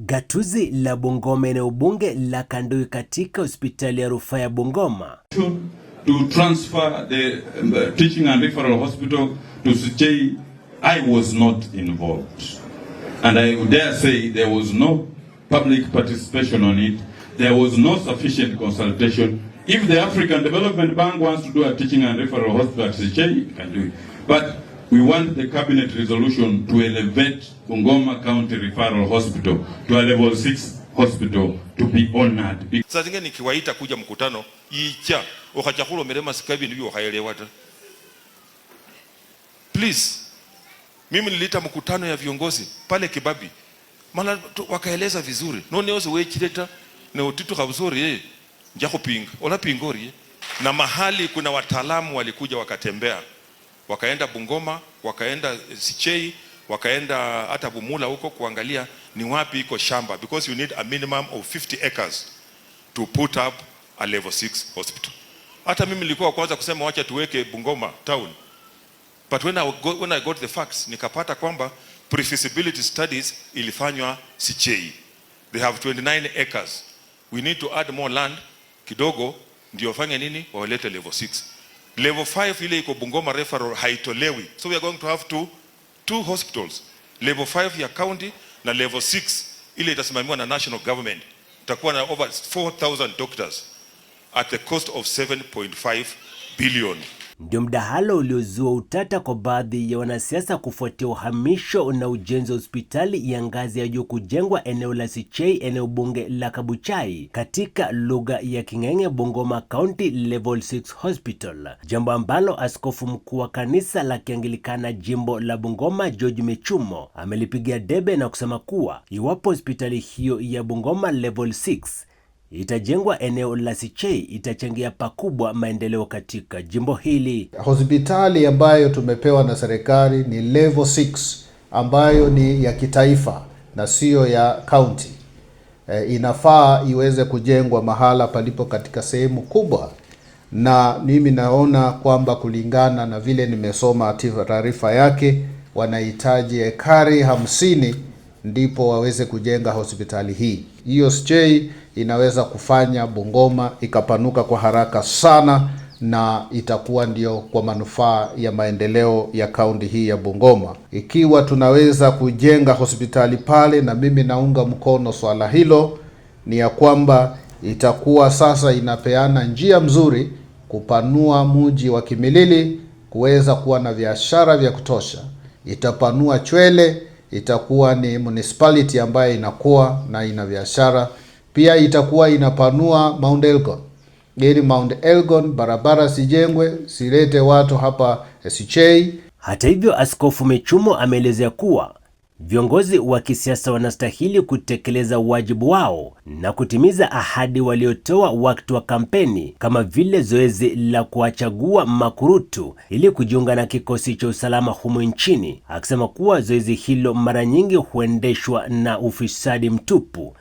Gatuzi la Bungoma, eneo bunge la Kanduyi, katika hospitali ya rufaa ya Bungoma to transfer the um, uh, teaching and referral hospital to Suchei, I was not involved and I dare say there was no public participation on it there was no sufficient consultation if the African Development Bank wants to do a teaching and referral hospital at Suchei it can do it but We want the cabinet resolution to elevate Bungoma County Referral Hospital to a level 6 hospital to be honored. Sasa zingine nikiwaita kuja mkutano icha okachakulo merema sika hivi ndivyo ukaelewa ta. Please. Mimi nilita mkutano ya viongozi pale Kibabi. Mala wakaeleza vizuri. None yose chileta na utitu kabuzuri eh. Njako pinga. Ola pingori eh. Na mahali kuna wataalamu walikuja wakatembea wakaenda Bungoma, wakaenda Sichei, wakaenda hata Bumula huko kuangalia ni wapi iko shamba, because you need a minimum of 50 acres to put up a level 6 hospital. Hata mimi nilikuwa kwanza kusema wacha tuweke Bungoma town, but when I got, when I got the facts nikapata kwamba pre-feasibility studies ilifanywa Sichei, they have 29 acres, we need to add more land kidogo ndio wafanye nini, wawalete level 6 Level 5 ile iko Bungoma referral haitolewi, so we are going to have to two hospitals, level 5 ya county na level 6 ile itasimamiwa na national government. Tutakuwa na over 4000 doctors at the cost of 7.5 billion ndio mdahalo uliozua utata kwa baadhi ya wanasiasa kufuatia uhamisho na ujenzi wa hospitali ya ngazi ya juu kujengwa eneo la Sichei, eneo bunge la Kabuchai, katika lugha ya King'eng'e, Bungoma County Level 6 Hospital, jambo ambalo askofu mkuu wa kanisa la Kianglikana jimbo la Bungoma George Mechumo amelipigia debe na kusema kuwa iwapo hospitali hiyo ya Bungoma Level 6 itajengwa eneo la Sichei itachangia pakubwa maendeleo katika jimbo hili. Hospitali ambayo tumepewa na serikali ni level 6 ambayo ni ya kitaifa na siyo ya kaunti. E, inafaa iweze kujengwa mahala palipo katika sehemu kubwa, na mimi naona kwamba kulingana na vile nimesoma taarifa yake wanahitaji ekari hamsini ndipo waweze kujenga hospitali hii hiyo Sichei inaweza kufanya Bungoma ikapanuka kwa haraka sana na itakuwa ndio kwa manufaa ya maendeleo ya kaunti hii ya Bungoma. Ikiwa tunaweza kujenga hospitali pale, na mimi naunga mkono swala hilo, ni ya kwamba itakuwa sasa inapeana njia mzuri kupanua mji wa Kimilili kuweza kuwa na biashara vya kutosha, itapanua Chwele, itakuwa ni municipality ambayo inakuwa na ina biashara pia itakuwa inapanua Mount Elgon ili Mount Elgon barabara sijengwe, silete watu hapa SJ. Hata hivyo, Askofu Michumo ameelezea kuwa viongozi wa kisiasa wanastahili kutekeleza wajibu wao na kutimiza ahadi waliotoa wakati wa kampeni, kama vile zoezi la kuwachagua makurutu ili kujiunga na kikosi cha usalama humo nchini, akisema kuwa zoezi hilo mara nyingi huendeshwa na ufisadi mtupu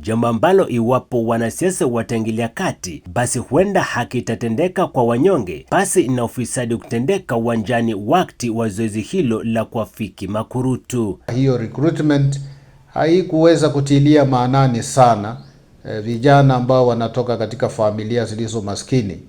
jambo ambalo iwapo wanasiasa wataingilia kati, basi huenda haki itatendeka kwa wanyonge, basi na ufisadi kutendeka uwanjani wakati wa zoezi hilo la kuafiki makurutu. Hiyo recruitment haikuweza kutilia maanani sana e, vijana ambao wanatoka katika familia zilizo maskini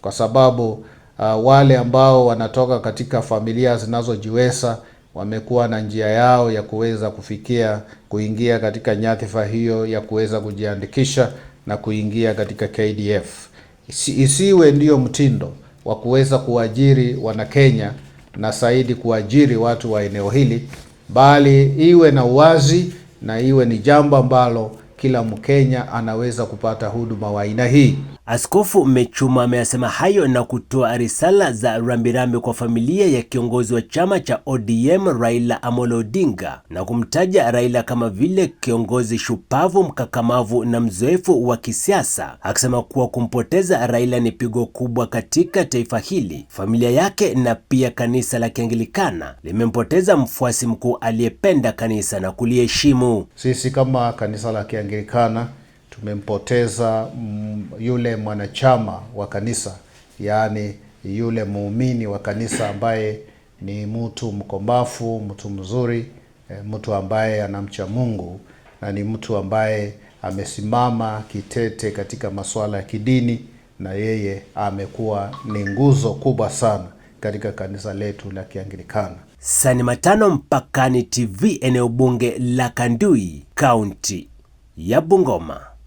kwa sababu uh, wale ambao wanatoka katika familia zinazojiweza wamekuwa na njia yao ya kuweza kufikia kuingia katika nyadhifa hiyo ya kuweza kujiandikisha na kuingia katika KDF. Isi, isiwe ndiyo mtindo wa kuweza kuajiri Wanakenya na saidi kuajiri watu wa eneo hili, bali iwe na uwazi na iwe ni jambo ambalo kila Mkenya anaweza kupata huduma wa aina hii. Askofu Mechuma ameyasema hayo na kutoa risala za rambirambi kwa familia ya kiongozi wa chama cha ODM Raila Amolo Odinga na kumtaja Raila kama vile kiongozi shupavu, mkakamavu na mzoefu wa kisiasa, akisema kuwa kumpoteza Raila ni pigo kubwa katika taifa hili. Familia yake na pia kanisa la Kianglikana limempoteza mfuasi mkuu aliyependa kanisa na kuliheshimu. Sisi kama kanisa la Anglikana tumempoteza mm, yule mwanachama wa kanisa, yaani yule muumini wa kanisa ambaye ni mtu mkombafu, mtu mzuri, eh, mtu ambaye anamcha Mungu na ni mtu ambaye amesimama kitete katika masuala ya kidini, na yeye amekuwa ni nguzo kubwa sana katika kanisa letu la Kianglikana. Sani Matano, Mpakani TV, eneo bunge la Kandui, kaunti ya Bungoma.